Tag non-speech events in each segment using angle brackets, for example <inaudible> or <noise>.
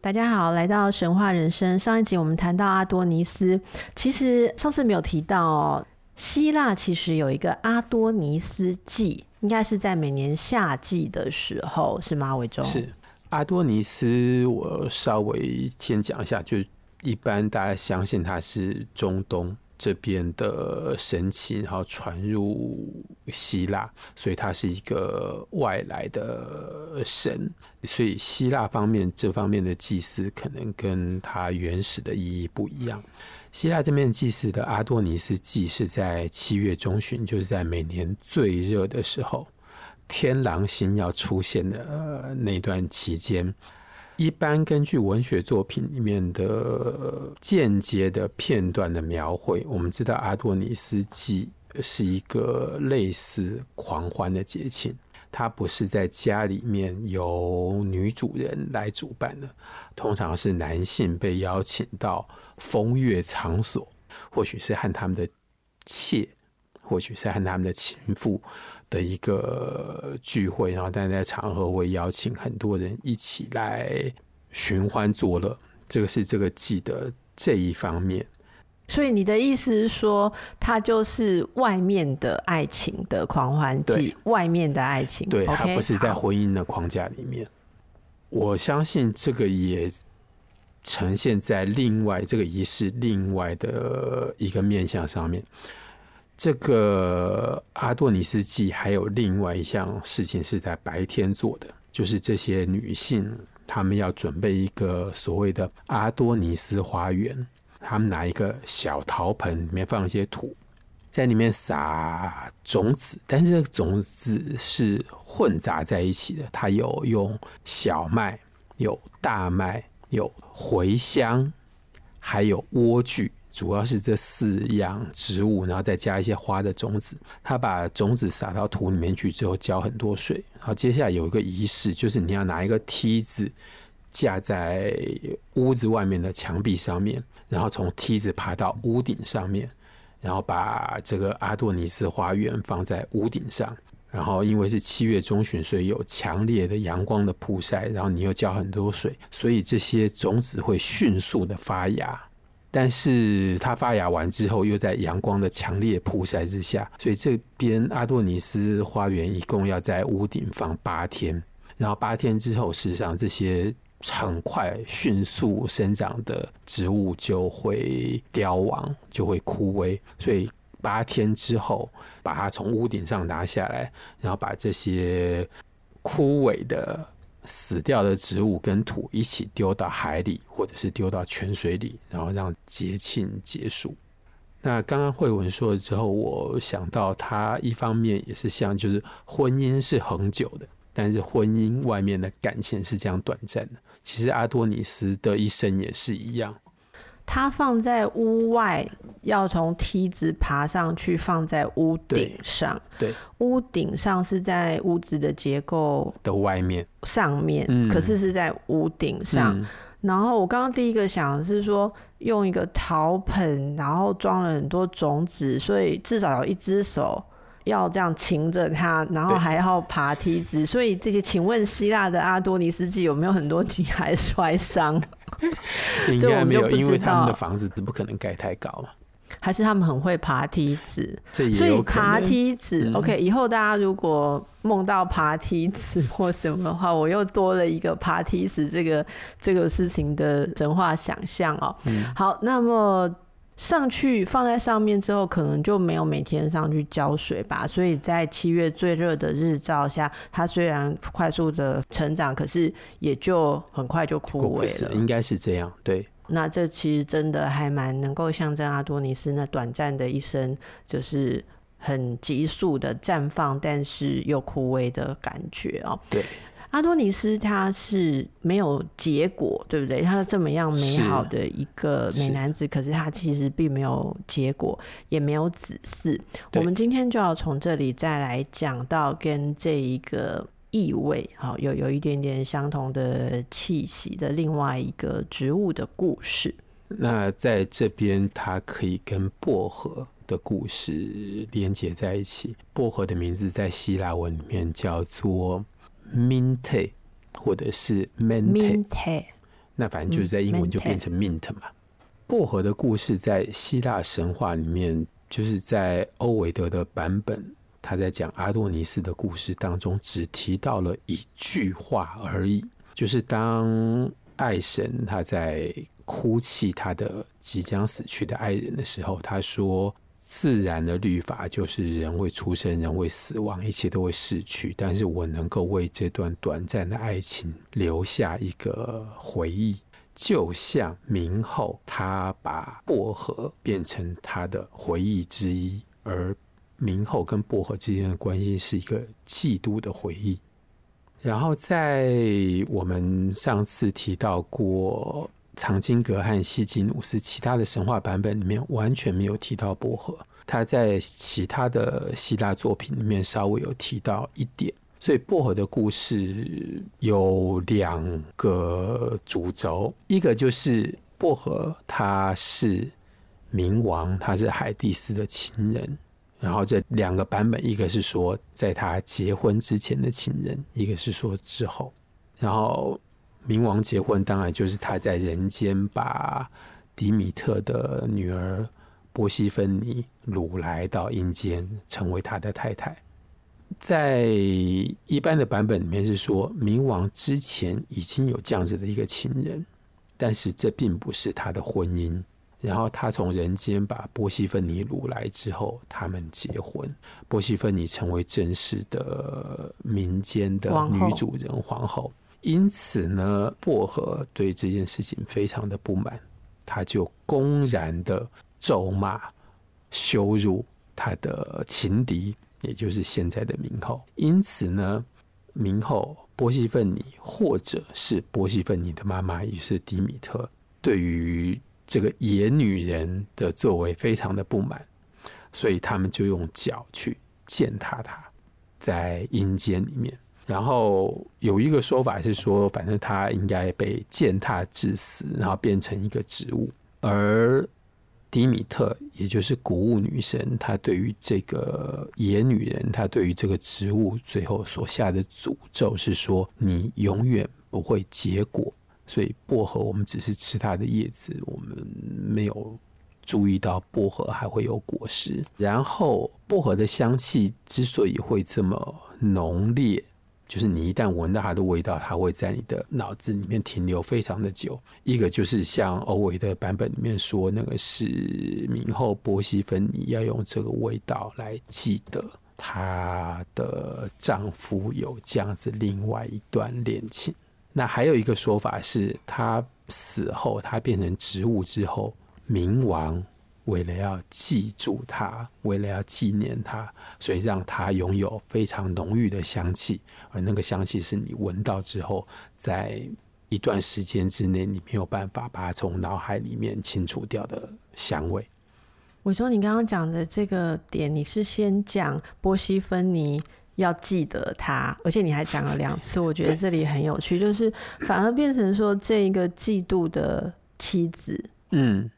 大家好，來到神話人生。上一集我們談到阿多尼斯，其實上次沒有提到哦。希臘其實有一個阿多尼斯祭，應該是在每年夏季的時候，是嗎？偉忠？是。阿多尼斯，我稍微先講一下，就一般大家相信他是中東。這邊的神祇，然後傳入希臘，所以他是一個外來的神，所以希臘方面這方面的祭祀可能跟他原始的意義不一樣。希臘這邊的祭祀的阿多尼斯祭是在七月中旬，就是在每年最熱的時候，天狼星要出現的、呃、那段期間。一般根據文學作品裡面的間接的片段的描繪，我們知道阿多尼斯祭是一個類似狂歡的節慶，它不是在家裡面由女主人來主辦的，通常是男性被邀請到風月場所，或許是和他們的妾，或許是和他們的情婦。的一個聚會然後但在場合會邀請很多人一起來尋歡作樂，這個是這個祭的這一方面。所以你的意思是說，它就是外面的愛情的狂歡祭，外面的愛情，對，它、okay, 不是在婚姻的框架裡面。我相信這個也呈現在另外這個儀式另外的一個面向上面。這個阿多尼斯祭還有另外一項事情是在白天做的，就是這些女性她們要準備一個所謂的阿多尼斯花園，她們拿一個小陶盆，裡面放一些土，在裡面撒種子，但是這個種子是混雜在一起的，它有用小麥、有大麥、有茴香，還有萵苣。主要是這四樣植物，然後再加一些花的種子。他把種子撒到土裡面去之後，澆很多水。好，接下來有一個儀式，就是你要拿一個梯子架在屋子外面的牆壁上面，然後從梯子爬到屋頂上面，然後把這個阿多尼斯花園放在屋頂上。然後因為是七月中旬，所以有強烈的陽光的曝曬，然後你又澆很多水，所以這些種子會迅速的發芽。但是它發芽完之後，又在陽光的強烈曝曬之下，所以這邊阿多尼斯花園一共要在屋頂放八天。然後八天之後，事實上這些很快迅速生長的植物就會凋亡，就會枯萎。所以八天之後，把它從屋頂上拿下來，然後把這些枯萎的。死掉的植物跟土一起丟到海裡，或者是丟到泉水裡，然後讓節慶結束。那剛剛慧文說了之後，我想到他一方面也是像就是婚姻是恆久的，但是婚姻外面的感情是這樣短暫的。其實阿多尼斯的一生也是一樣。它放在屋外，要從梯子爬上去放在屋頂上。對，對屋頂上是在屋子的結構的外面上面、嗯，可是是在屋頂上、嗯。然後我剛剛第一個想的是說，用一個陶盆，然後裝了很多種子，所以至少有一只手要這樣擒着它，然後還要爬梯子。所以這些，請問希臘的阿多尼斯祭有沒有很多女孩摔傷？ <laughs> <laughs> 應該沒有，因為他們的房子不可能蓋太高。還是他們很會爬梯子，所以爬梯子，嗯。OK，以後大家如果夢到爬梯子或什麼的話，我又多了一個爬梯子這個這個事情的神話想象哦，喔嗯。好，那麼。上去放在上面之後，可能就沒有每天上去澆水吧，所以在七月最熱的日照下，它雖然快速的成長，可是也就很快就枯萎了，應該是這樣。對，那這其實真的還蠻能夠象徵阿多尼斯那短暫的一生，就是很急速的綻放，但是又枯萎的感覺哦。對。阿多尼斯他是沒有結果，對不對？他是這麼樣美好的一個美男子，可是他其實並沒有結果，也沒有子嗣。我們今天就要從這裡再來講到跟這一個意味，好有有一點點相同的氣息的另外一個植物的故事。那在這邊，它可以跟薄荷的故事連接在一起。薄荷的名字在希臘文裡面叫做，mint，或者是 ment，那反正就是在英文就變成 mint 嘛。薄荷的故事在希臘神話裡面，就是在歐維德的版本，他在講阿多尼斯的故事當中，只提到了一句話而已，就是當愛神他在哭泣他的即將死去的愛人的時候，他說。自然的律法就是人會出生，人會死亡，一切都會逝去。但是我能夠為這段短暫的愛情留下一個回憶，就像冥後他把薄荷變成他的回憶之一，而冥後跟薄荷之間的關係是一個嫉妒的回憶。然後在我們上次提到過。《藏經閣》和希吉努斯其他的神話版本裡面完全沒有提到薄荷，他在其他的希臘作品裡面稍微有提到一點，所以薄荷的故事有兩個主軸，一個就是薄荷他是冥王，他是海蒂斯的情人，然後這兩個版本，一個是說在他結婚之前的情人，一個是說之後，然後。冥王結婚，當然就是他在人間把迪米特的女兒波西芬妮擄來到陰間，成為他的太太。在一般的版本裡面是說，冥王之前已經有這樣子的一個情人，但是這並不是他的婚姻。然後他從人間把波西芬妮擄來之後，他們結婚，波西芬妮成為正式的冥間的女主人、皇後、王後。因此呢，薄荷對這件事情非常的不滿，他就公然的咒罵、羞辱他的情敵，也就是現在的冥後。因此呢，冥後波西芬尼或者是波西芬尼的媽媽，也就是迪米特，對於這個野女人的作為非常的不滿，所以他們就用腳去踐踏她，在陰間裡面。然後有一個說法是說，反正它應該被踐踏致死，然後變成一個植物。而迪米特，也就是穀物女神，她對於這個野女人，她對於這個植物，最後所下的詛咒是說：你永遠不會結果。所以薄荷，我們只是吃它的葉子，我們沒有注意到薄荷還會有果實。然後薄荷的香氣之所以會這麼濃烈。就是你一旦聞到它的味道，它會在你的腦子裡面停留非常的久。一個就是像歐維的版本裡面說，那個是冥後波西芬尼要用這個味道來記得她的丈夫有這樣子另外一段戀情。那還有一個說法是，她死後她變成植物之後，冥王。為了要記住他，為了要紀念他，所以讓他擁有非常濃郁的香氣，而那個香氣是你聞到之後，在一段時間之內你沒有辦法把它從腦海裡面清除掉的香味。我說你剛剛講的這個點，你是先講波西芬尼要記得他，而且你還講了兩次， <laughs> 我覺得這裡很有趣，就是反而變成說這一個嫉妒的妻子，嗯。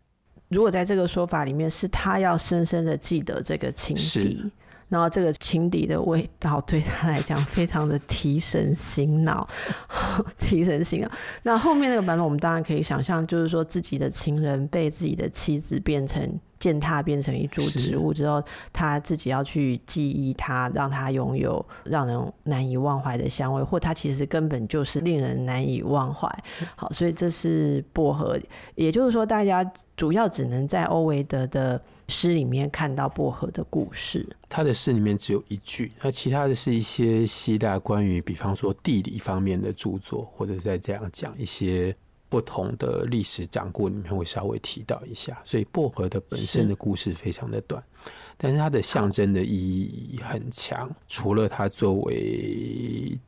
如果在這個說法裡面是他要深深的記得這個情敵，然後這個情敵的味道對他來講非常的提神醒腦， <laughs> 提神醒腦。那後面那個版本我們當然可以想象就是說自己的情人被自己的妻子變成。踐踏變成一株植物之後，他自己要去記憶它，讓它擁有讓人難以忘懷的香味，或它其實根本就是令人難以忘懷。好，所以這是薄荷，也就是說，大家主要只能在歐維德的詩裡面看到薄荷的故事。他的詩裡面只有一句，那其他的是一些希臘關於比方說地理方面的著作，或者再這樣講一些，不同的歷史掌故裡面會稍微提到一下，所以薄荷的本身的故事非常的短，是但是它的象徵的意義很強。除了它作為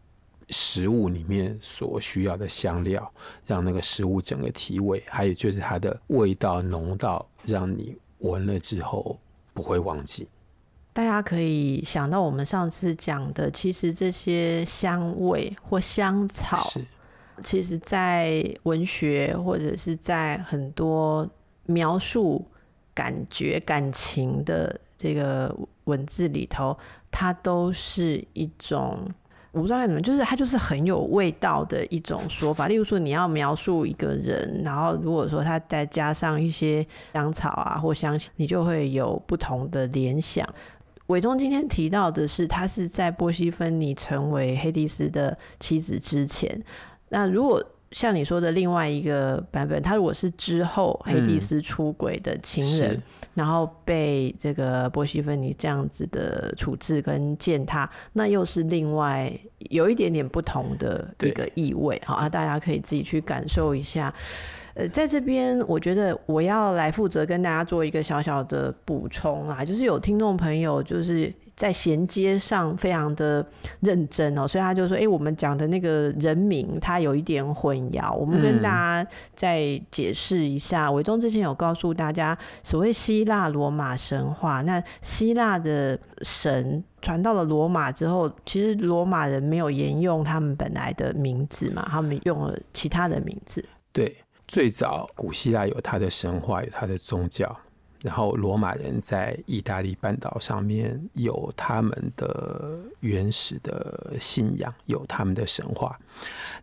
食物裡面所需要的香料，讓那個食物整個提味，還有就是它的味道濃到讓你聞了之後不會忘記。大家可以想到我們上次講的，其實這些香味或香草。其實，在文學或者是在很多描述感覺、感情的這個文字裡頭，它都是一種我不知道該怎麼，就是它就是很有味道的一種說法。例如說，你要描述一個人，然後如果說他再加上一些香草啊或香，你就會有不同的聯想。偉忠今天提到的是，他是在波西芬尼成為黑迪斯的妻子之前。那如果像你說的另外一個版本，他如果是之後黑蒂斯出軌的情人、嗯，然後被這個波西芬尼這樣子的處置跟踐踏，那又是另外有一點點不同的一個意味。好啊！大家可以自己去感受一下。呃，在這邊我覺得我要來負責跟大家做一個小小的補充啦，就是有聽眾朋友就是。在銜接上非常的認真哦，所以他就說：“哎、欸，我們講的那個人名，他有一點混淆，我們跟大家再解釋一下。偉、嗯、忠之前有告訴大家，所謂希臘羅馬神話，那希臘的神傳到了羅馬之後，其實羅馬人沒有沿用他們本來的名字嘛，他們用了其他的名字。對，最早古希臘有他的神話，有他的宗教。”然後，羅馬人在意大利半島上面有他們的原始的信仰，有他們的神話。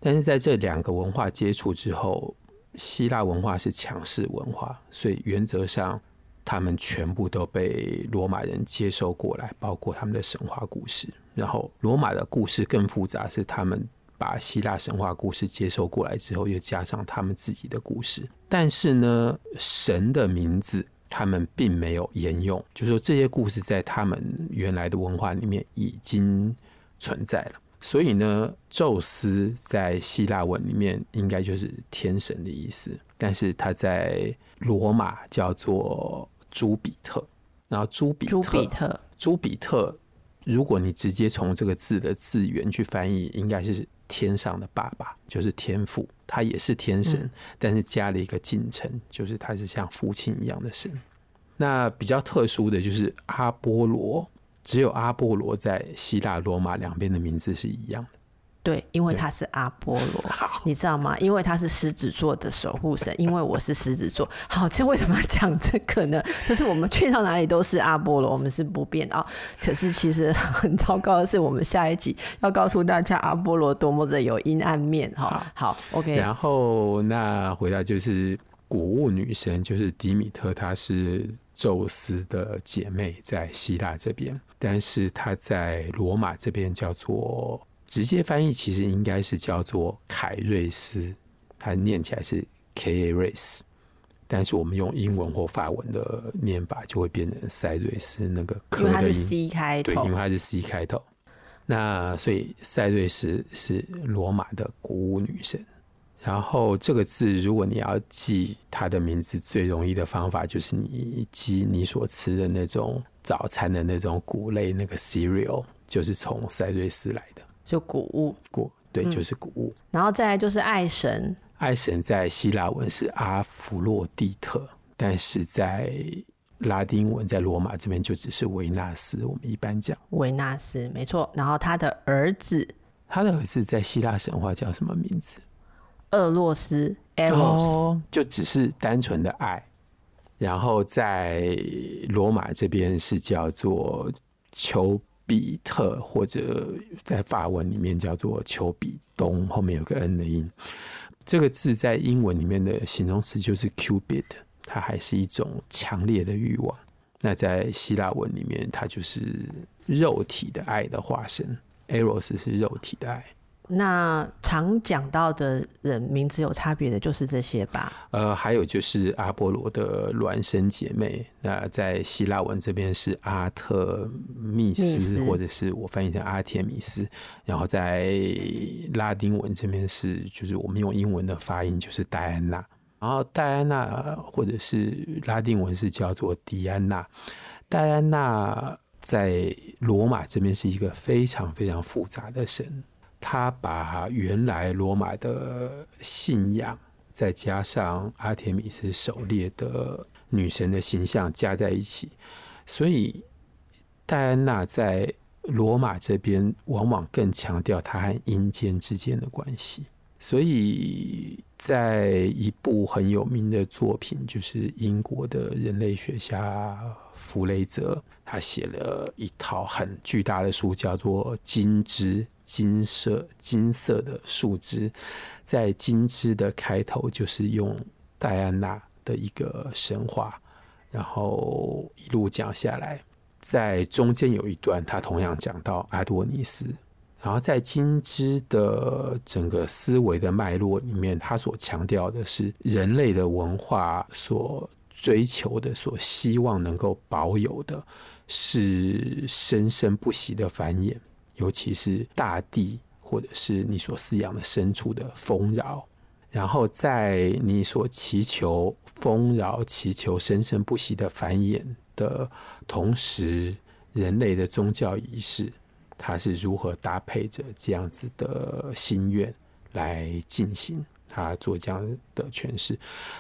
但是在這兩個文化接觸之後，希臘文化是強勢文化，所以原則上他們全部都被羅馬人接受過來，包括他們的神話故事。然後，羅馬的故事更複雜，是他們把希臘神話故事接受過來之後，又加上他們自己的故事。但是呢，神的名字。他們並沒有沿用，就是說這些故事在他們原來的文化裡面已經存在了。所以呢，宙斯在希臘文裡面應該就是天神的意思，但是他在羅馬叫做朱比特，然後朱比朱比特朱比特，如果你直接從這個字的字源去翻譯，應該是。天上的爸爸就是天父，他也是天神，但是加了一個“進程”，就是他是像父親一樣的神。那比較特殊的就是阿波羅，只有阿波羅在希臘、羅馬兩邊的名字是一樣的。對，因為他是阿波羅，你知道嗎？因為他是獅子座的守護神，因為我是獅子座。好，這為什麼要講這個呢？就是我們去到哪裡都是阿波羅，我們是不變啊、哦。可是其實很糟糕的是，我們下一集要告訴大家阿波羅多麼的有陰暗面哈、哦。好，好，OK。然後那回來就是穀物女神，就是迪米特，她是宙斯的姐妹，在希臘這邊，但是她在羅馬這邊叫做。直接翻譯其實應該是叫做凱瑞斯，它念起來是 Keris，但是我們用英文或法文的念法就會變成塞瑞斯。那個可能還是 C 開頭，對，因為它是 C 開頭。那所以賽瑞斯是羅馬的穀物女神。然後這個字如果你要記她的名字，最容易的方法就是你記你所吃的那種早餐的那種穀類那個 Cereal，就是從賽瑞斯來的。就古物，古對、嗯，就是古物。然後再來就是愛神，愛神在希臘文是阿弗洛蒂特，但是在拉丁文在羅馬這邊就只是維納斯。我們一般講維納斯，沒錯。然後他的兒子，他的兒子在希臘神話叫什麼名字？厄洛斯 （Eros），哦、就只是單純的愛。然後在羅馬這邊是叫做丘。比特或者，在法文裡面叫做丘比東，後面有個 n 的音。這個字在英文裡面的形容詞就是 cupid，它還是一種強烈的欲望。那在希臘文裡面，它就是肉體的愛的化身。Eros 是肉體的愛。那常講到的人名字有差別的就是這些吧。呃，還有就是阿波羅的孿生姐妹，那在希臘文這邊是阿特密斯、密斯，或者是我翻譯成阿提米斯。然後在拉丁文這邊是，就是我們用英文的發音就是戴安娜。然後戴安娜或者是拉丁文是叫做迪安娜。戴安娜在羅馬這邊是一個非常非常複雜的神。他把原來羅馬的信仰，再加上阿提米斯狩獵的女神的形象加在一起，所以戴安娜在羅馬這邊往往更強調她和陰間之間的關係。所以在一部很有名的作品，就是英國的人類學家弗雷澤，他寫了一套很巨大的書，叫做《金枝》。金色，金色的樹枝，在金枝的開頭就是用戴安娜的一個神話，然後一路講下來，在中間有一段，他同樣講到阿多尼斯，然後在金枝的整個思維的脈絡裡面，他所強調的是人類的文化所追求的、所希望能夠保有的，是生生不息的繁衍。尤其是大地，或者是你所飼養的牲畜的豐饒，然後在你所祈求豐饒、祈求生生不息的繁衍的同時，人類的宗教儀式，它是如何搭配着這樣子的心願來進行，它做這樣的詮釋。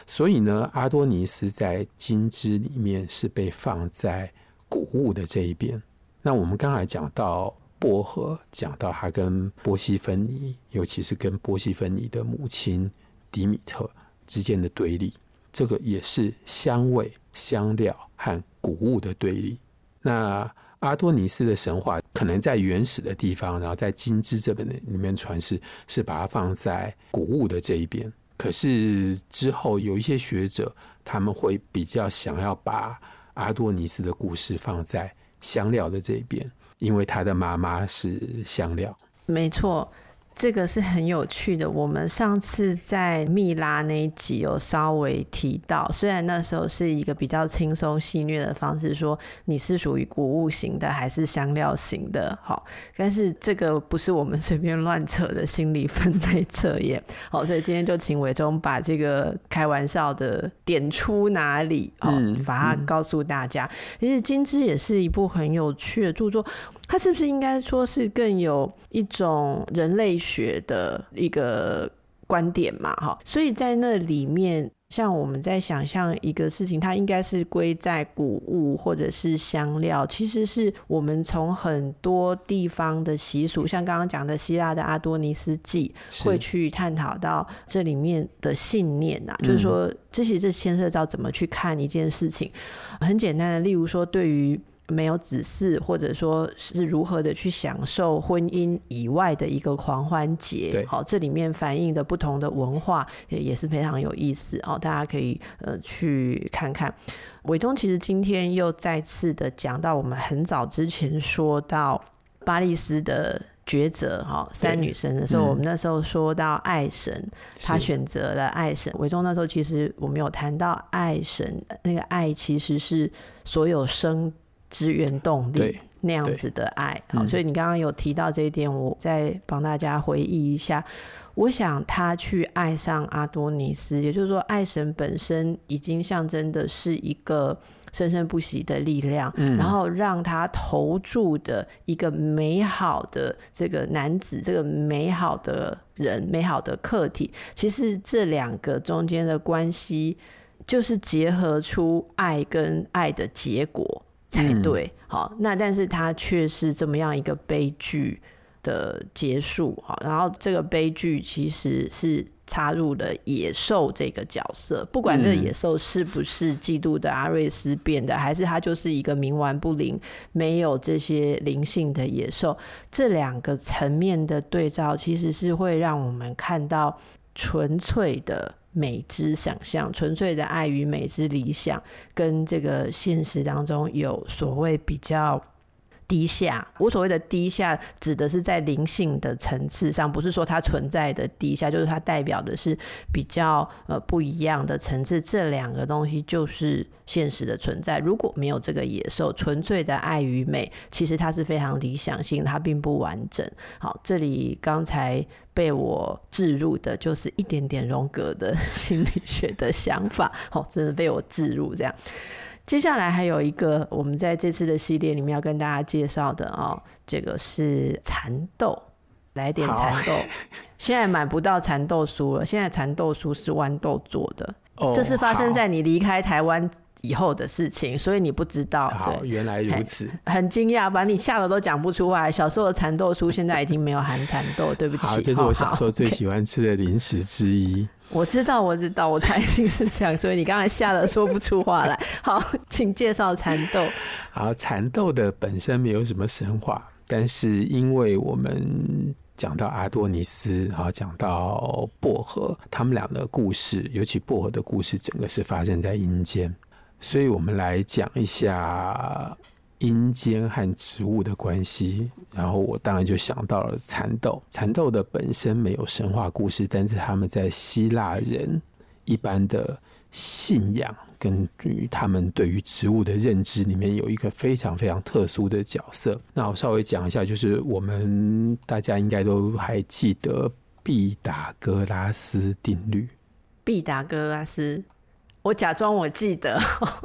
所以呢，阿多尼斯在《金枝》裡面是被放在穀物的這一邊。那我們剛才講到。薄荷講到他跟波西芬尼，尤其是跟波西芬尼的母親迪米特之間的對立，這個也是香味、香料和穀物的對立。那阿多尼斯的神話可能在原始的地方，然後在金枝這邊的裡面傳世，是把它放在穀物的這一邊。可是之後有一些學者，他們會比較想要把阿多尼斯的故事放在香料的這一邊。因為他的媽媽是香料，沒錯。這個是很有趣的，我們上次在蜜拉那一集有稍微提到，雖然那時候是一個比較輕鬆戲謔的方式，說你是屬於穀物型的還是香料型的，好，但是這個不是我們隨便亂扯的心理分類測驗，好，所以今天就請偉忠把這個開玩笑的點出哪裡啊、嗯哦，把它告訴大家。嗯、其實《金枝》也是一部很有趣的著作。它是不是應該說是更有一種人類學的一個觀點嘛？哈，所以在那裡面，像我們在想象一個事情，它應該是歸在穀物或者是香料。其實是我們從很多地方的習俗，像剛剛講的希臘的阿多尼斯祭，會去探討到這裡面的信念吶、啊嗯，就是說這些是牽涉到怎麼去看一件事情。很簡單的，例如說對於沒有子嗣，或者說是如何的去享受婚姻以外的一個狂歡節。對，好、哦，這裡面反映的不同的文化也，也是非常有意思哦，大家可以呃去看看。偉忠，其實今天又再次的講到我們很早之前說到巴力斯的抉擇哈、哦，三女神的時候、嗯，我們那時候說到愛神，他選擇了愛神。偉忠，那時候其實我們有談到愛神，那個愛其實是所有生。資源動力那樣子的愛。好，所以你剛剛有提到這一點，我再幫大家回憶一下、嗯。我想他去愛上阿多尼斯，也就是說，愛神本身已經象徵的是一個生生不息的力量、嗯，然後讓他投注的一個美好的這個男子，這個美好的人，美好的客體。其實這兩個中間的關係，就是結合出愛跟愛的結果。才對，嗯、好，那但是它卻是這麼樣一個悲劇的結束，好，然後這個悲劇其實是插入了野獸這個角色，不管這個野獸是不是嫉妒的阿瑞斯變的，嗯、還是他就是一個冥頑不靈、沒有這些靈性的野獸，這兩個層面的對照，其實是會讓我們看到純粹的。美之想象，純粹的愛與美之理想，跟這個現實當中有所謂比較。低下，我所謂的低下，指的是在靈性的層次上，不是說它存在的低下，就是它代表的是比較呃不一樣的層次。這兩個東西就是現實的存在。如果沒有這個野獸，純粹的愛與美，其實它是非常理想性的，它並不完整。好，這裡剛才被我置入的就是一點點榮格的 <laughs> 心理學的想法。好，真的被我置入這樣。接下來還有一個，我們在這次的系列裡面要跟大家介紹的哦、喔，這個是蠶豆，來點蠶豆。現在買不到蠶豆酥了，現在蠶豆酥是豌豆做的，這是發生在你離開台灣以後的事情，所以你不知道。對，原來如此，很驚訝，把你嚇得都講不出來。小時候的蠶豆酥現在已經沒有含蠶豆，對不起。這是我小時候最喜歡吃的零食之一。我知道，我知道，我猜一定是這樣，所以你剛才嚇得說不出話來。好，請介紹蠶豆。好，蠶豆的本身沒有什麼神話，但是因為我們講到阿多尼斯，好，講到薄荷，他們倆的故事，尤其薄荷的故事，整個是發生在陰間，所以我們來講一下。陰間和植物的關係，然後我當然就想到了蠶豆。蠶豆的本身沒有神話故事，但是他們在希臘人一般的信仰，跟他們對於植物的認知裡面，有一個非常非常特殊的角色。那我稍微講一下，就是我們大家應該都還記得畢達哥拉斯定律。畢達哥拉斯。我假裝我記得。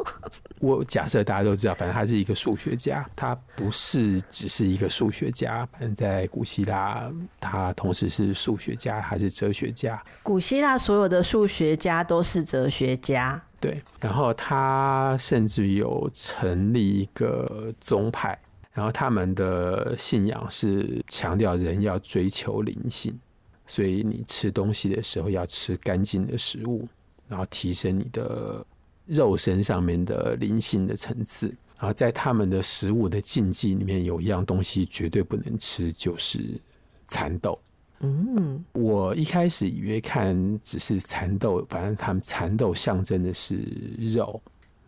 <laughs> 我假設大家都知道，反正他是一個數學家，他不是只是一個數學家，反正在古希臘，他同時是數學家還是哲學家。古希臘所有的數學家都是哲學家。對，然後他甚至有成立一個宗派，然後他們的信仰是強調人要追求靈性，所以你吃東西的時候要吃乾淨的食物。然後提升你的肉身上面的靈性的層次。然後在他們的食物的禁忌裡面，有一樣東西絕對不能吃，就是蠶豆。嗯，我一開始以為看只是蠶豆，反正他們蠶豆象徵的是肉。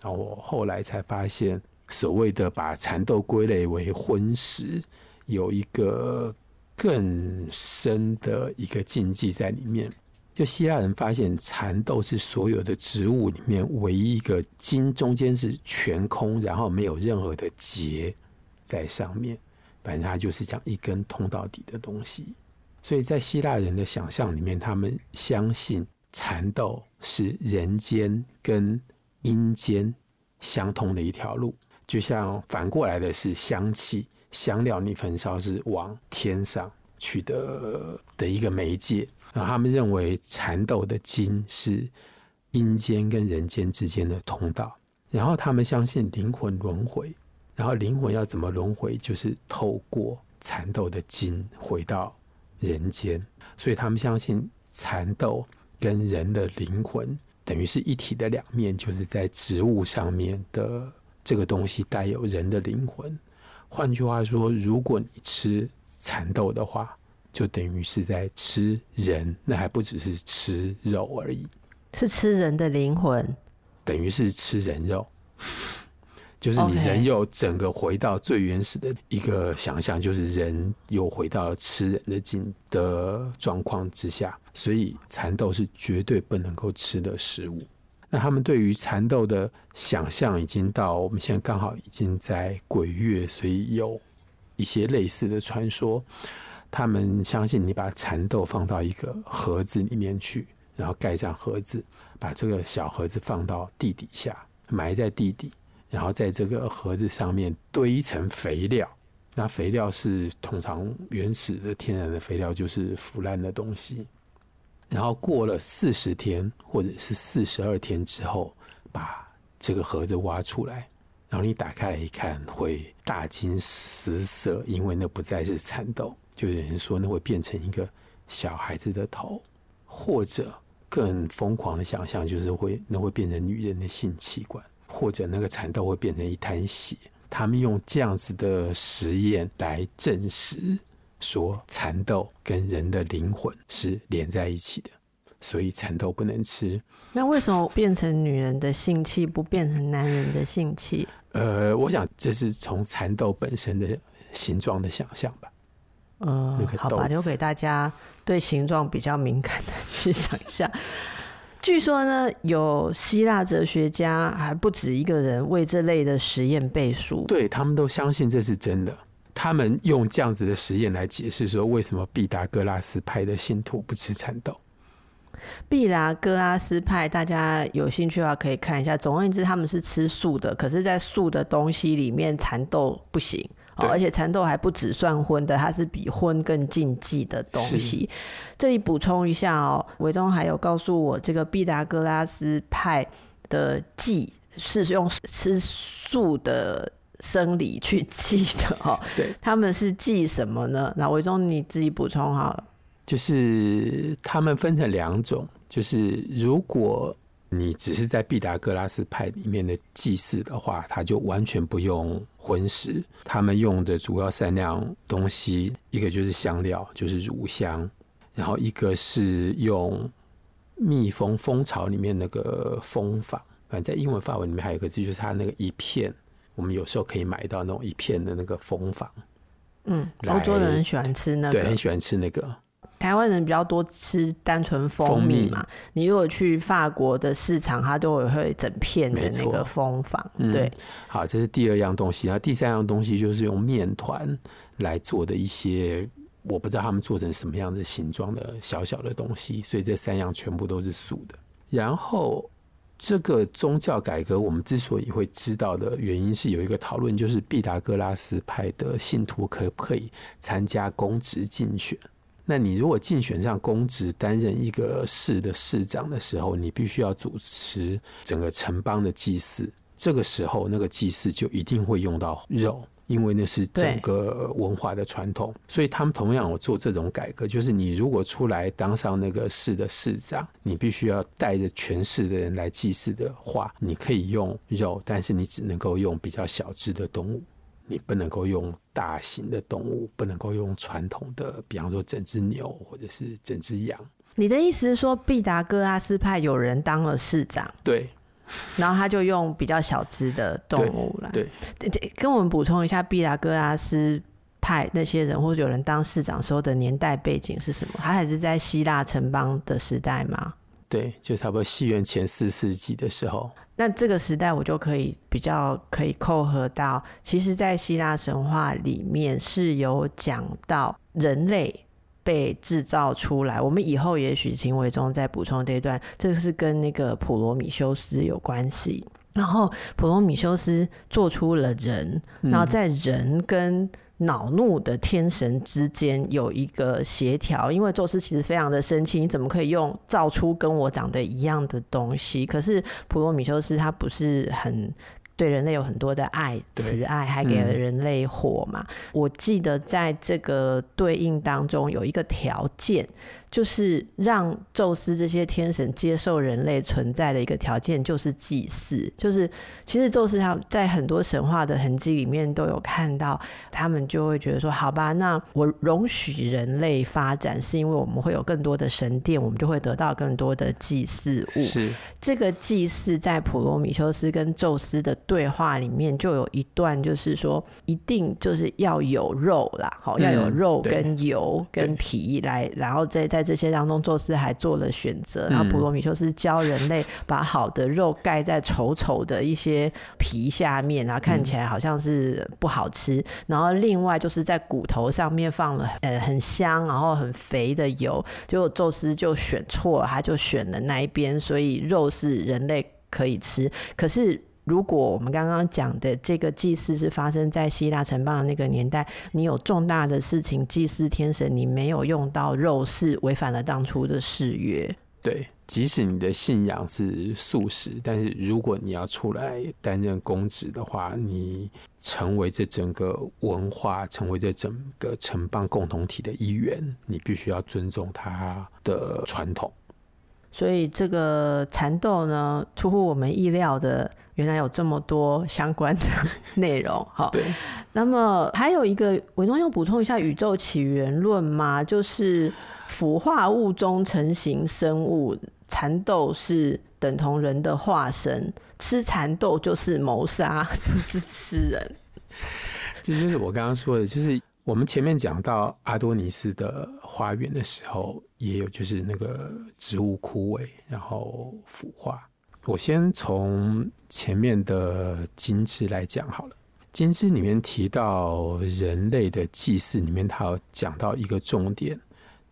然後我後來才發現，所謂的把蠶豆歸類為葷食，有一個更深的一個禁忌在裡面。就希臘人發現蠶豆是所有的植物裡面唯一一個莖中間是全空，然後沒有任何的節在上面，反正它就是這樣一根通到底的東西。所以在希臘人的想象裡面，他們相信蠶豆是人間跟陰間相通的一條路。就像反過來的是香氣香料，你焚燒是往天上去的的一個媒介，然後他們認為蠶豆的莖是陰間跟人間之間的通道，然後他們相信靈魂輪迴，然後靈魂要怎麼輪迴，就是透過蠶豆的莖回到人間，所以他們相信蠶豆跟人的靈魂等於是一體的兩面，就是在植物上面的這個東西帶有人的靈魂。換句話說，如果你吃蠶豆的話，就等於是在吃人，那還不只是吃肉而已，是吃人的靈魂，等於是吃人肉，okay. 就是你人又整個回到最原始的一個想象就是人又回到了吃人的境的狀況之下，所以蠶豆是絕對不能夠吃的食物。那他們對於蠶豆的想象，已經到我們現在剛好已經在鬼月，所以有一些類似的傳說。他們相信你把蠶豆放到一個盒子裡面去，然後蓋上盒子，把這個小盒子放到地底下，埋在地底，然後在這個盒子上面堆一層肥料。那肥料是通常原始的天然的肥料，就是腐爛的東西。然後過了四十天或者是四十二天之後，把這個盒子挖出來，然後你打開來一看，會大驚失色，因為那不再是蠶豆。就有人說，那會變成一個小孩子的頭，或者更瘋狂的想象，就是會那會變成女人的性器官，或者那個蠶豆會變成一灘血。他們用這樣子的實驗來證實說蠶豆跟人的靈魂是連在一起的，所以蠶豆不能吃。那為什麼變成女人的性器不變成男人的性器？呃，我想這是從蠶豆本身的形狀的想象吧。呃、那個，好吧，留給大家對形狀比較敏感的去想一下。 <laughs> 據說呢，有希臘哲學家還不止一個人為這類的實驗背書，對，他們都相信這是真的。他們用這樣子的實驗來解釋說，為什麼畢達哥拉斯派的信徒不吃蠶豆。畢達哥拉斯派，大家有興趣的話可以看一下。總而言之，他們是吃素的，可是，在素的東西裡面，蠶豆不行。哦，而且蠶豆還不止算葷的，它是比葷更禁忌的東西。這裡補充一下哦，偉忠還有告訴我，這個畢達哥拉斯派的忌是用吃素的生理去忌的哦，對，他們是忌什麼呢？那偉忠你自己補充好了。就是他們分成兩種，就是如果。你只是在畢達哥拉斯派裡面的祭祀的話，他就完全不用葷食，他們用的主要三樣東西，一個就是香料，就是乳香，然後一個是用蜜蜂蜂,蜂巢裡面那個蜂房，反正在英文法文裡面還有一個字，就是他那個一片，我們有時候可以買到那種一片的那個蜂房，嗯，歐洲人很喜歡吃那個，對，很喜歡吃那個。台灣人比較多吃單純蜂蜜嘛，你如果去法國的市場，它都會會整片的那個蜂房。對，好，這是第二樣東西。然後第三樣東西就是用麵團來做的一些，我不知道他們做成什麼樣的形狀的小小的東西。所以這三樣全部都是素的。然後這個宗教改革，我們之所以會知道的原因是有一個討論，就是畢達哥拉斯派的信徒可不可以參加公職競選？那你如果競選上公職，擔任一個市的市長的時候，你必須要主持整個城邦的祭祀。這個時候，那個祭祀就一定會用到肉，因為那是整個文化的傳統。所以他們同樣有做這種改革，就是你如果出來當上那個市的市長，你必須要帶着全市的人來祭祀的話，你可以用肉，但是你只能夠用比較小只的動物。你不能夠用大型的動物，不能夠用傳統的，比方說整隻牛或者是整隻羊。你的意思是說，畢達哥拉斯派有人當了市長？對。然後他就用比較小隻的動物來。對。跟我們補充一下，畢達哥拉斯派那些人或者有人當市長的時候的年代背景是什麼？他還是在希臘城邦的時代嗎？對，就差不多西元前四世紀的時候。那這個時代，我就可以比較可以扣合到，其實，在希臘神話裡面是有講到人類被制造出來。我們以後也許偉忠再補充這一段，這個是跟那個普羅米修斯有關係。然後普羅米修斯做出了人，嗯、然後在人跟。惱怒的天神之間有一個協調，因為宙斯其實非常的生氣，你怎麼可以用造出跟我長得一樣的東西？可是普羅米修斯他不是很對人類有很多的愛、慈愛，還給了人類火嘛。嗯。我記得在這個對應當中有一個條件。就是讓宙斯這些天神接受人類存在的一個條件，就是祭祀。就是其實宙斯他在很多神話的痕跡裡面都有看到，他們就會覺得說：好吧，那我容許人類發展，是因為我們會有更多的神殿，我們就會得到更多的祭祀物。是這個祭祀在普羅米修斯跟宙斯的對話裡面就有一段，就是說一定就是要有肉啦，好，要有肉跟油跟皮，嗯、來，然後再再。這些當中，宙斯還做了選擇。然後普羅米修斯教人類把好的肉蓋在醜醜的一些皮下面，然後看起來好像是不好吃。嗯、然後另外就是在骨頭上面放了呃，很香然後很肥的油。結果宙斯就選錯了，他就選了那一邊，所以肉是人類可以吃，可是。如果我們剛剛講的這個祭祀是發生在希臘城邦的那個年代，你有重大的事情祭祀天神，你沒有用到肉是違反了當初的誓約。對，即使你的信仰是素食，但是如果你要出來擔任公職的話，你成為這整個文化、成為這整個城邦共同體的一員，你必須要尊重他的傳統。所以這個蠶豆呢，出乎我們意料的，原來有這麼多相關的內容。好，對。那麼還有一個，偉忠要補充一下宇宙起源論嘛？就是腐化物中成形生物，蠶豆是等同人的化身，吃蠶豆就是謀殺，就是吃人。 <laughs> 這就是我剛剛說的，就是。我們前面講到阿多尼斯的花園的時候，也有就是那個植物枯萎然後腐化。我先從前面的金枝來講好了。金枝裡面提到人類的祭祀，裡面它講到一個重點，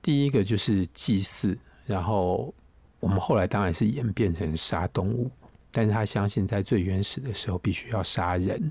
第一個就是祭祀，然後我們後來當然是演變成殺動物，但是他相信在最原始的時候必須要殺人。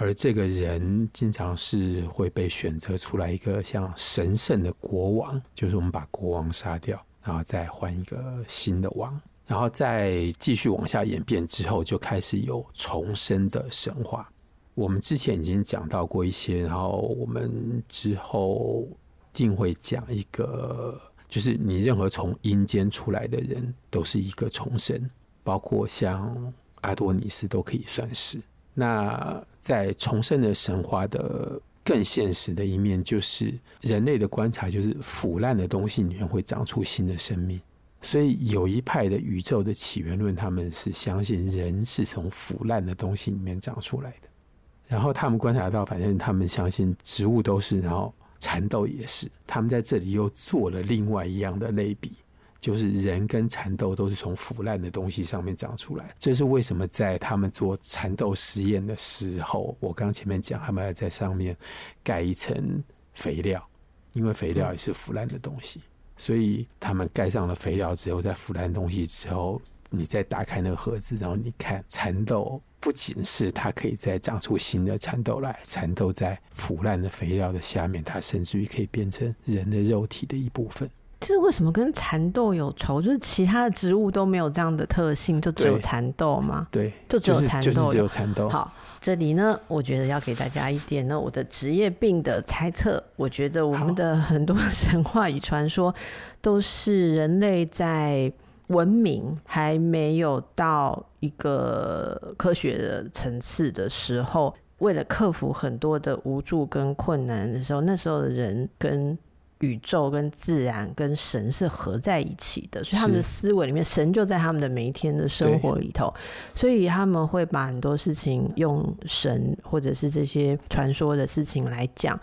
而這個人經常是會被選擇出來一個像神聖的國王，就是我們把國王殺掉，然後再換一個新的王，然後再繼續往下演變之後，就開始有重生的神話。我們之前已經講到過一些，然後我們之後定會講一個，就是你任何從陰間出來的人都是一個重生，包括像阿多尼斯都可以算是那。在重生的神話的更現實的一面，就是人類的觀察，就是腐爛的東西裡面會長出新的生命。所以有一派的宇宙的起源論，他們是相信人是從腐爛的東西裡面長出來的。然後他們觀察到，反正他們相信植物都是，然後蠶豆也是。他們在這裡又做了另外一樣的類比。就是人跟蠶豆都是從腐爛的東西上面長出來，這是為什麼在他們做蠶豆實驗的時候，我剛前面講他們要在上面蓋一層肥料，因為肥料也是腐爛的東西，所以他們蓋上了肥料之後，在腐爛的東西之後，你再打開那個盒子，然後你看蠶豆不僅是它可以再長出新的蠶豆來，蠶豆在腐爛的肥料的下面，它甚至於可以變成人的肉體的一部分。就是為什麼跟蠶豆有仇？就是其他的植物都沒有這樣的特性，就只有蠶豆嗎？對，對，就只有蠶豆。就是就是、只有蠶豆。好，這裡呢，我覺得要給大家一點呢，我的職業病的猜測。我覺得我們的很多的神話與傳說，都是人類在文明還沒有到一個科學的層次的時候，為了克服很多的無助跟困難的時候，那時候的人跟。宇宙跟自然跟神是合在一起的，所以他們的思維裡面，神就在他們的每一天的生活裡頭，所以他們會把很多事情用神或者是這些傳說的事情來講。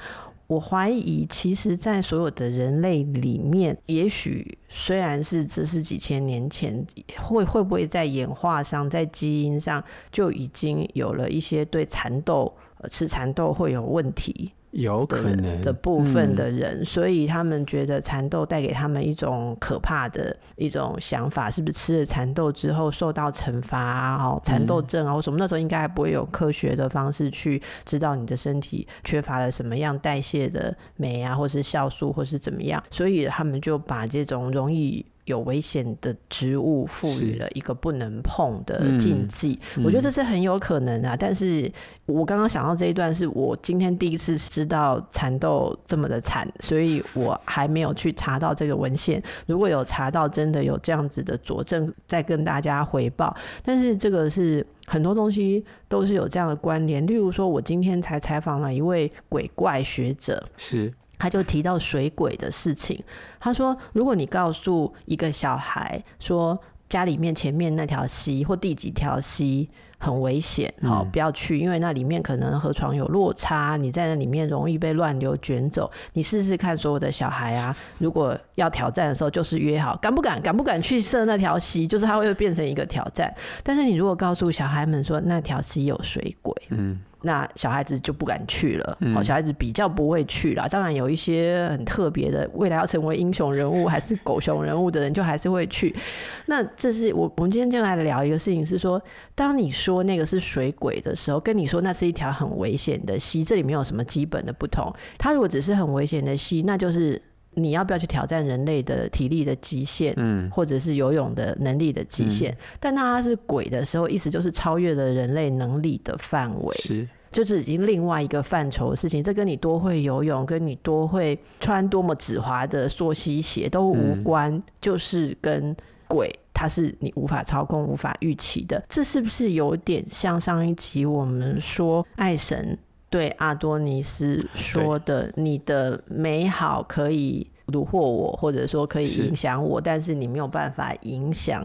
我懷疑，其實，在所有的人類裡面，也許雖然是這是幾千年前，會會不會在演化上，在基因上就已經有了一些對蠶豆，呃，吃蠶豆會有問題。.有可能的，的部分的人、嗯，所以他們覺得蠶豆帶給他們一種可怕的一種想法，是不是吃了蠶豆之後受到懲罰啊？哦，蠶豆症啊，我、嗯、什麼？那時候應該還不會有科學的方式去知道你的身體缺乏了什麼樣代謝的酶，啊，或是酵素，或是怎麼樣？所以他們就把這種容易。有危險的植物賦予了一個不能碰的禁忌，嗯嗯、我覺得這是很有可能啊。但是我剛剛想到這一段，是我今天第一次知道蠶豆這麼的慘，所以我還沒有去查到這個文獻。如果有查到，真的有這樣子的佐證，再跟大家回報。但是這個是很多東西都是有這樣的關聯，例如說我今天才採訪了一位鬼怪學者，是。他就提到水鬼的事情。他說：“如果你告訴一個小孩說，家裡面前面那條溪或第幾條溪很危險、嗯，好，不要去，因為那裡面可能河床有落差，你在那裡面容易被亂流捲走。你試試看，所有的小孩啊，如果要挑戰的時候，就是約好，敢不敢，敢不敢去涉那條溪，就是它會變成一個挑戰。但是你如果告訴小孩們說，那條溪有水鬼，嗯。”那小孩子就不敢去了、嗯，小孩子比較不會去啦。當然有一些很特別的，未來要成為英雄人物還是狗熊人物的人，就還是會去。 <laughs> 那這是我我們今天就來聊一個事情，是說，當你說那個是水鬼的時候，跟你說那是一條很危險的溪，這裡面有什麼基本的不同？它如果只是很危險的溪，那就是。你要不要去挑戰人類的體力的極限，嗯，或者是游泳的能力的極限？嗯、但當他是鬼的時候，意思就是超越了人類能力的範圍，是就是已經另外一個範疇的事情。這跟你多會游泳，跟你多會穿多麼止滑的溯溪鞋都無關，嗯，就是跟鬼，它是你無法操控、無法預期的。這是不是有點像上一集我們說愛神？對，阿多尼斯說的：“你的美好可以虜獲我，或者說可以影響我，但是你沒有辦法影響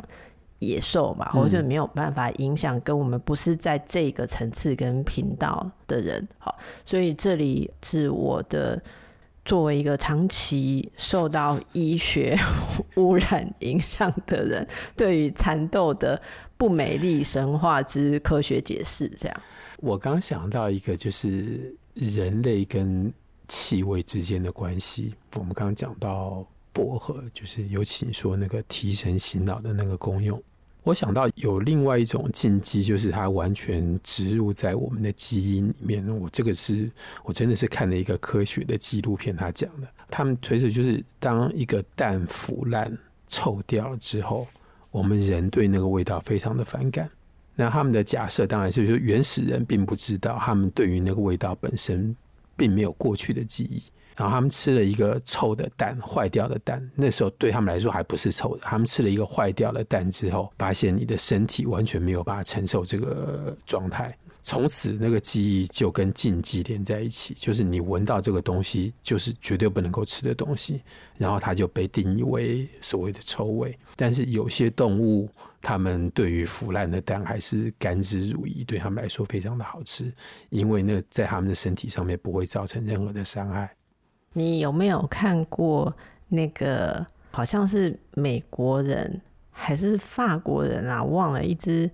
野獸嘛，或、嗯、者沒有辦法影響跟我們不是在這個層次跟頻道的人。”好，所以這裡是我的作為一個長期受到醫學 <laughs> 污染影響的人，對於蠶豆的不美麗神話之科學解釋，這樣。我剛想到一個，就是人類跟氣味之間的關係。我們剛剛講到薄荷，就是尤其說那個提神醒腦的那個功用。我想到有另外一種禁忌，就是它完全植入在我們的基因裡面。我這個是，我真的是看了一個科學的紀錄片，他講的，他們其實就是當一個蛋腐爛臭掉了之後，我們人對那個味道非常的反感。那他們的假設當然就是原始人並不知道，他們對於那個味道本身並沒有過去的記憶。然後他們吃了一個臭的蛋、壞掉的蛋，那時候對他們來說還不是臭的。他們吃了一個壞掉的蛋之後，發現你的身體完全沒有辦法承受這個狀態。從此，那個記憶就跟禁忌連在一起，就是你聞到這個東西，就是絕對不能夠吃的東西。然後，它就被定義為所謂的臭味。但是，有些動物，它們對於腐爛的蛋還是甘之如飴，對他們來說非常的好吃，因為那在他們的身體上面不會造成任何的傷害。你有沒有看過那個好像是美國人還是法國人啊？忘了一只。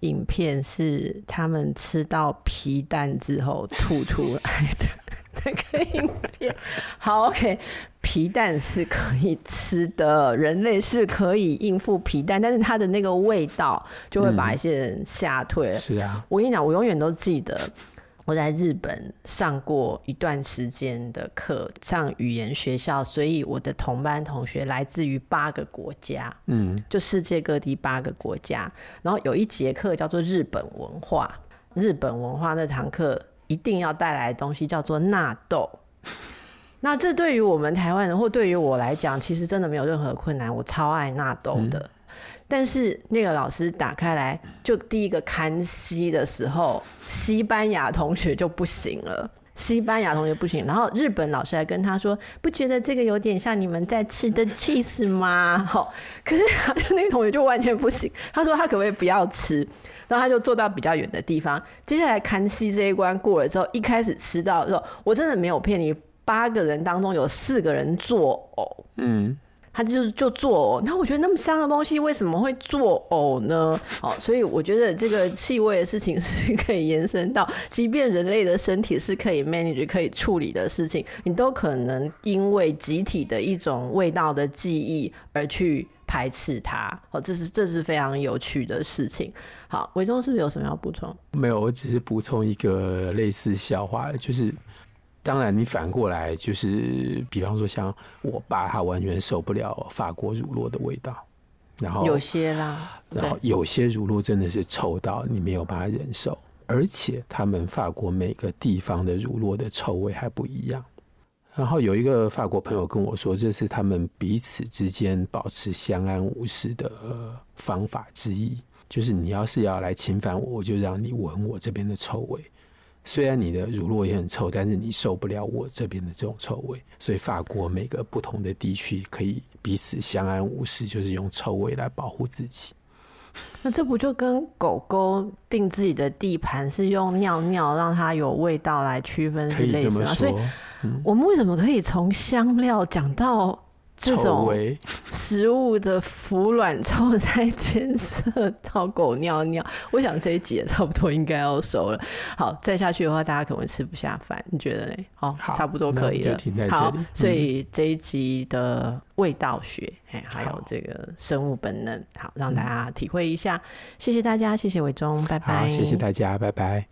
影片是他們吃到皮蛋之後吐出來的這個影片。好，OK，皮蛋是可以吃的，人類是可以應付皮蛋，但是它的那個味道就會把一些人嚇退、嗯。是啊，我跟你講，我永遠都記得。我在日本上過一段時間的課，上語言學校，所以我的同班同學來自於八個國家，嗯，就世界各地八個國家。然後有一節課叫做日本文化，日本文化那堂課一定要帶來的東西叫做納豆。 <laughs> 那這對於我們台灣人或對於我來講，其實真的沒有任何困難，我超愛納豆的。嗯但是那個老師打開來，就第一個看西的時候，西班牙同學就不行了，西班牙同學不行。然後日本老師來跟他說：“不覺得這個有點像你們在吃的 cheese 嗎？”哈、哦，可是那個同學就完全不行，他說他可不可以不要吃，然後他就坐到比較遠的地方。接下來看西這一關過了之後，一開始吃到的時候，我真的沒有騙你，八個人當中有四個人作嘔。嗯。他就是就作嘔，那我覺得那麼香的東西為什麼會作嘔呢？哦，所以我覺得這個氣味的事情是可以延伸到，即便人類的身體是可以 manage 可以處理的事情，你都可能因為集體的一種味道的記憶而去排斥它。哦，這是這是非常有趣的事情。好，偉忠是不是有什麼要補充？沒有，我只是補充一個類似笑話，就是。當然，你反過來就是，比方說像我爸，他完全受不了法國乳酪的味道。然後有些啦，然後有些乳酪真的是臭到你沒有辦法忍受，而且他們法國每個地方的乳酪的臭味還不一樣。然後有一個法國朋友跟我說，這是他們彼此之間保持相安無事的方法之一，就是你要是要來侵犯我，我就讓你聞我這邊的臭味。雖然你的乳酪也很臭，但是你受不了我這邊的這種臭味，所以法國每個不同的地區可以彼此相安無事，就是用臭味來保護自己。那這不就跟狗狗定自己的地盤是用尿尿讓它有味道來區分是類似嗎、嗯。所以我們為什麼可以從香料講到這種食物的腐卵臭在牽涉到狗尿尿，我想這一集也差不多應該要收了。好，再下去的話大家可能吃不下飯，你覺得呢？哦、好，差不多可以了。好，所以這一集的味道學，嗯、還有這個生物本能，好，讓大家體會一下。嗯、謝謝大家，謝謝偉忠，拜拜。謝謝大家，拜拜。